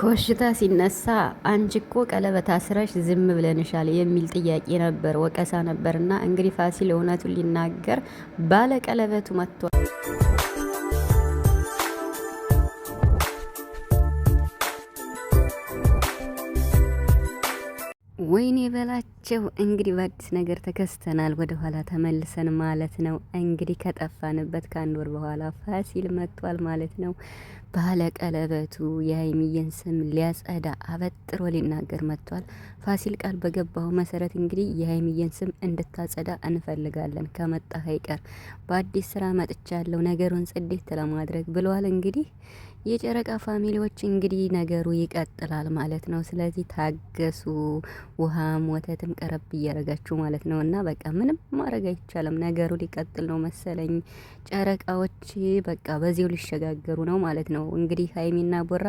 ከወሽታ ሲነሳ አንቺ እኮ ቀለበት አስረሽ ዝም ብለንሻል የሚል ጥያቄ ነበር፣ ወቀሳ ነበርና እንግዲህ ፋሲል እውነቱን ሊናገር ባለ ቀለበቱ መጥቷል። ወይኔ በላቸው ናቸው እንግዲህ በአዲስ ነገር ተከስተናል። ወደ ኋላ ተመልሰን ማለት ነው እንግዲህ ከጠፋንበት ከአንድ ወር በኋላ ፋሲል መጥቷል ማለት ነው። ባለ ቀለበቱ የሀይሚየን ስም ሊያጸዳ አበጥሮ ሊናገር መጥቷል። ፋሲል ቃል በገባው መሰረት እንግዲህ የሀይሚየን ስም እንድታጸዳ እንፈልጋለን ከመጣ አይቀር በአዲስ ስራ መጥቻለሁ ነገሩን ጽድት ለማድረግ ብለዋል። እንግዲህ የጨረቃ ፋሚሊዎች እንግዲህ ነገሩ ይቀጥላል ማለት ነው። ስለዚህ ታገሱ ውሃም ወተትም ቀረብ ቀረብ እያረጋችሁ ማለት ነው። እና በቃ ምንም ማድረግ አይቻልም። ነገሩ ሊቀጥል ነው መሰለኝ። ጨረቃዎች በቃ በዚሁ ሊሸጋገሩ ነው ማለት ነው። እንግዲህ ሀይሚና ቦራ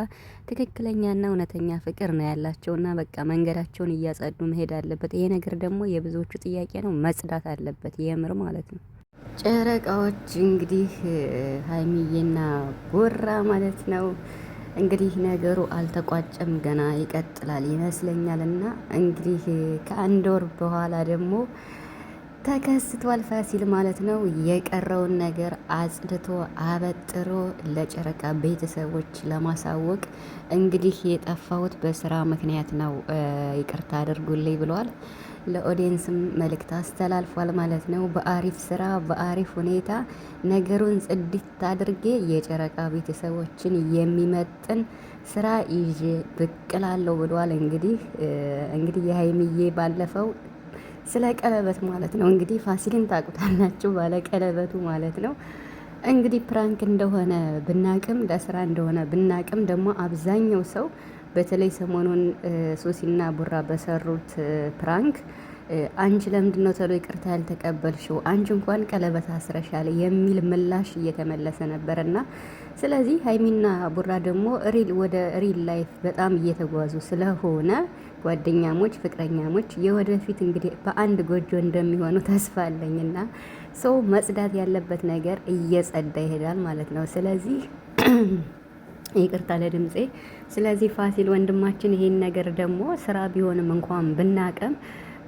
ትክክለኛና እውነተኛ ፍቅር ነው ያላቸው እና በቃ መንገዳቸውን እያጸዱ መሄድ አለበት። ይሄ ነገር ደግሞ የብዙዎቹ ጥያቄ ነው። መጽዳት አለበት የምር ማለት ነው። ጨረቃዎች እንግዲህ ሀይሚዬና ቦራ ማለት ነው እንግዲህ ነገሩ አልተቋጨም፣ ገና ይቀጥላል ይመስለኛል እና እንግዲህ ከአንድ ወር በኋላ ደግሞ ተከስቷል ፋሲል ማለት ነው። የቀረውን ነገር አጽድቶ አበጥሮ ለጨረቃ ቤተሰቦች ለማሳወቅ እንግዲህ የጠፋሁት በስራ ምክንያት ነው ይቅርታ አድርጉልኝ ብለዋል። ለኦዲየንስም መልእክት አስተላልፏል ማለት ነው። በአሪፍ ስራ በአሪፍ ሁኔታ ነገሩን ጽድት አድርጌ የጨረቃ ቤተሰቦችን የሚመጥን ስራ ይዤ ብቅ እላለሁ እንግዲህ እንግዲህ የሀይሚዬ ባለፈው ስለ ቀለበት ማለት ነው እንግዲህ ፋሲልን ታውቁታላችሁ፣ ባለ ቀለበቱ ማለት ነው እንግዲህ ፕራንክ እንደሆነ ብናቅም ለስራ እንደሆነ ብናቅም ደግሞ አብዛኛው ሰው በተለይ ሰሞኑን ሶሲና ቡራ በሰሩት ፕራንክ አንቺ ለምንድን ነው ተሎ ይቅርታ ያልተቀበልሽው? አንቺ እንኳን ቀለበት አስረሻል የሚል ምላሽ እየተመለሰ ነበርና ስለዚህ ሀይሚና ቡራ ደግሞ ሪል ወደ ሪል ላይፍ በጣም እየተጓዙ ስለሆነ ጓደኛሞች፣ ፍቅረኛሞች የወደፊት እንግዲህ በአንድ ጎጆ እንደሚሆኑ ተስፋ አለኝና ሰው መጽዳት ያለበት ነገር እየጸዳ ይሄዳል ማለት ነው። ስለዚህ ይቅርታ ለድምጼ። ስለዚህ ፋሲል ወንድማችን ይሄን ነገር ደግሞ ስራ ቢሆንም እንኳን ብናቀም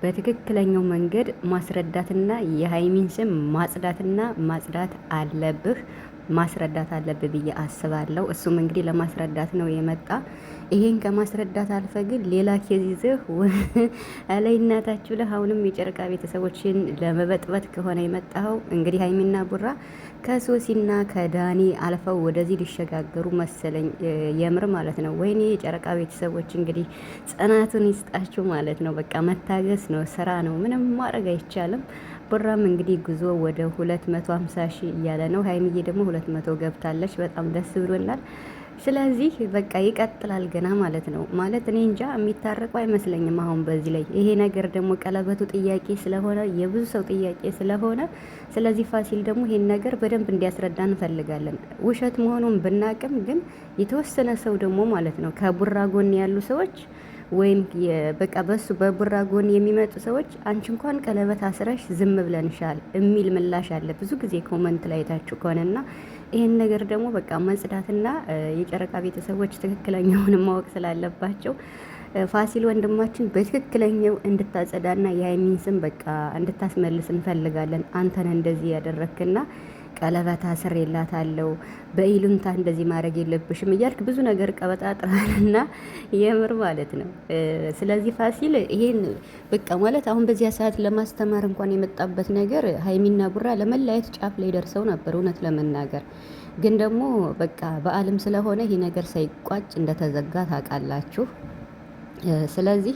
በትክክለኛው መንገድ ማስረዳትና የሀይሚን ስም ማጽዳትና ማጽዳት አለብህ ማስረዳት አለብህ ብዬ አስባለሁ። እሱም እንግዲህ ለማስረዳት ነው የመጣ ይሄን ከማስረዳት አልፈ ግን ሌላ ኬዝ ይዘህ አላይ እናታችሁ ብለህ አሁንም የጨረቃ ቤተሰቦችን ለመበጥበት ከሆነ የመጣኸው እንግዲህ ሀይሚና ቡራ ከሶሲና ከዳኒ አልፈው ወደዚህ ሊሸጋገሩ መሰለኝ የምር ማለት ነው። ወይኔ የጨረቃ ቤተሰቦች እንግዲህ ጽናቱን ይስጣችሁ ማለት ነው። በቃ መታገስ ነው፣ ስራ ነው፣ ምንም ማድረግ አይቻልም። ቡራም እንግዲህ ጉዞ ወደ ሁለት መቶ ሀምሳ ሺህ እያለ ነው። ሀይሚዬ ደግሞ 200 መቶ ገብታለች። በጣም ደስ ብሎናል። ስለዚህ በቃ ይቀጥላል ገና ማለት ነው። ማለት እኔ እንጃ የሚታረቁ አይመስለኝም አሁን በዚህ ላይ ይሄ ነገር ደግሞ ቀለበቱ ጥያቄ ስለሆነ የብዙ ሰው ጥያቄ ስለሆነ፣ ስለዚህ ፋሲል ደግሞ ይሄን ነገር በደንብ እንዲያስረዳ እንፈልጋለን። ውሸት መሆኑን ብናቅም ግን የተወሰነ ሰው ደግሞ ማለት ነው ከቡራ ጎን ያሉ ሰዎች ወይም በቃ በሱ በቡራ ጎን የሚመጡ ሰዎች አንቺ እንኳን ቀለበት አስረሽ ዝም ብለንሻል የሚል ምላሽ አለ ብዙ ጊዜ ኮመንት ላይ ታችሁ ከሆነና ይህን ነገር ደግሞ በቃ መጽዳትና የጨረቃ ቤተሰቦች ትክክለኛውን ማወቅ ስላለባቸው ፋሲል ወንድማችን በትክክለኛው እንድታጸዳና የሀይሚን ስም በቃ እንድታስመልስ እንፈልጋለን። አንተን እንደዚህ ያደረክና ቀለበት አስር አስሬላታለሁ፣ በኢሉንታ እንደዚህ ማድረግ የለብሽም እያልክ ብዙ ነገር ቀበጣጥረሃልና የምር ማለት ነው። ስለዚህ ፋሲል ይሄን በቃ ማለት አሁን በዚያ ሰዓት ለማስተማር እንኳን የመጣበት ነገር ሀይሚና ቡራ ለመለያየት ጫፍ ላይ ደርሰው ነበር እውነት ለመናገር ግን ደግሞ በቃ በዓልም ስለሆነ ይህ ነገር ሳይቋጭ እንደተዘጋ ታውቃላችሁ። ስለዚህ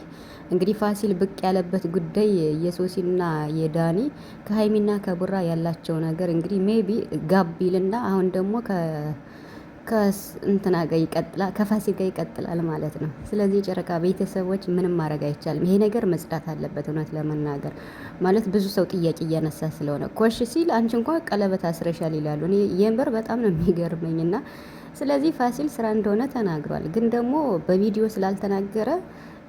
እንግዲህ ፋሲል ብቅ ያለበት ጉዳይ የሶሲና የዳኒ ከሀይሚና ከቡራ ያላቸው ነገር እንግዲህ ሜቢ ጋቢልና አሁን ደግሞ ከእንትና ጋር ይቀጥላል ከፋሲል ጋር ይቀጥላል ማለት ነው። ስለዚህ ጨረቃ ቤተሰቦች ምንም ማድረግ አይቻልም። ይሄ ነገር መጽዳት አለበት። እውነት ለመናገር ማለት ብዙ ሰው ጥያቄ እያነሳ ስለሆነ ኮሽ ሲል አንቺ እንኳ ቀለበት አስረሻል ይላሉ። እኔ በጣም ነው የሚገርመኝና ስለዚህ ፋሲል ስራ እንደሆነ ተናግሯል። ግን ደግሞ በቪዲዮ ስላልተናገረ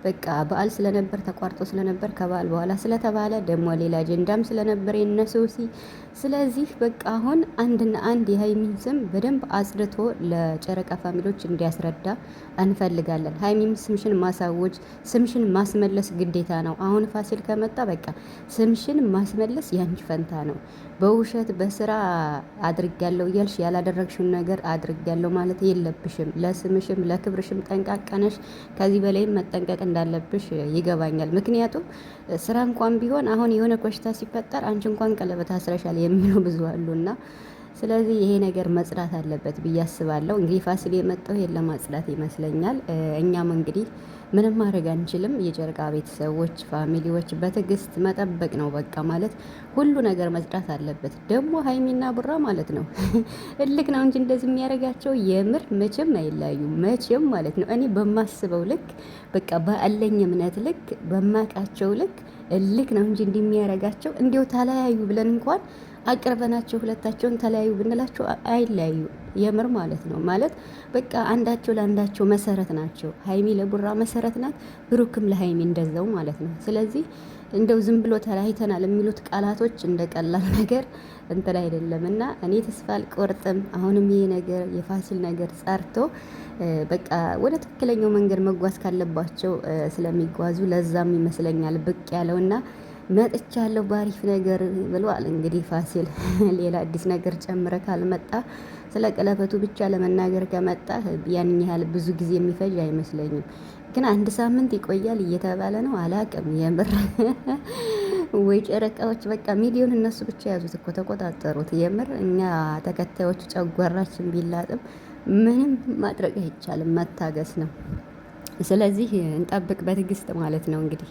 በቃ በዓል ስለነበር ተቋርጦ ስለነበር ከበዓል በኋላ ስለተባለ ደግሞ ሌላ አጀንዳም ስለነበር የነሱ ሲ ስለዚህ በቃ አሁን አንድና አንድ የሀይሚን ስም በደንብ አጽድቶ ለጨረቃ ፋሚሊዎች እንዲያስረዳ እንፈልጋለን። ሀይሚም ስምሽን ማሳወጅ ስምሽን ማስመለስ ግዴታ ነው። አሁን ፋሲል ከመጣ በቃ ስምሽን ማስመለስ ያንቺ ፈንታ ነው። በውሸት በስራ አድርጋለሁ እያልሽ ያላደረግሽውን ነገር አድርጋለሁ ማለት የለብሽም። ለስምሽም ለክብርሽም ጠንቃቀነሽ ከዚህ በላይም መጠንቀቅ እንዳለብሽ ይገባኛል። ምክንያቱም ስራ እንኳን ቢሆን አሁን የሆነ ኮሽታ ሲፈጠር አንቺ እንኳን ቀለበት አስረሻል የሚሉ ብዙ አሉና ስለዚህ ይሄ ነገር መጽዳት አለበት ብዬ አስባለሁ። እንግዲህ ፋሲል የመጣው ይሄን ለማጽዳት ይመስለኛል። እኛም እንግዲህ ምንም ማድረግ አንችልም። የጨርቃ ቤተሰቦች ፋሚሊዎች በትዕግስት መጠበቅ ነው በቃ ማለት ሁሉ ነገር መጽዳት አለበት። ደግሞ ሀይሚና ቡራ ማለት ነው እልክ ነው እንጂ እንደዚህ የሚያደርጋቸው የምር መቼም አይለያዩም። መቼም ማለት ነው እኔ በማስበው ልክ በቃ ባለኝ እምነት ልክ በማቃቸው ልክ እልክ ነው እንጂ እንደሚያረጋቸው እንዲው ተለያዩ ብለን እንኳን አቅርበናቸው ሁለታቸውን ተለያዩ ብንላቸው አይለያዩ የምር ማለት ነው። ማለት በቃ አንዳቸው ለአንዳቸው መሰረት ናቸው። ሀይሚ ለቡራ መሰረት ናት፣ ብሩክም ለሀይሚ እንደዛው ማለት ነው። ስለዚህ እንደው ዝም ብሎ ተለያይተናል የሚሉት ቃላቶች እንደ ቀላል ነገር እንትን አይደለም እና እኔ ተስፋ አልቆርጥም። አሁንም ይሄ ነገር የፋሲል ነገር ጸርቶ በቃ ወደ ትክክለኛው መንገድ መጓዝ ካለባቸው ስለሚጓዙ ለዛም ይመስለኛል ብቅ ያለውና መጥቻለሁ ባሪፍ ነገር ብሏል። እንግዲህ ፋሲል ሌላ አዲስ ነገር ጨምረ ካልመጣ ስለ ቀለበቱ ብቻ ለመናገር ከመጣ ያን ያህል ብዙ ጊዜ የሚፈጅ አይመስለኝም። ግን አንድ ሳምንት ይቆያል እየተባለ ነው። አላቅም የምር ወይ ጨረቃዎች፣ በቃ ሚሊዮን እነሱ ብቻ ያዙት እኮ ተቆጣጠሩት። የምር እኛ ተከታዮቹ ጨጓራችን ቢላጥም ምንም ማድረግ አይቻልም፣ መታገስ ነው። ስለዚህ እንጠብቅ በትዕግስት ማለት ነው እንግዲህ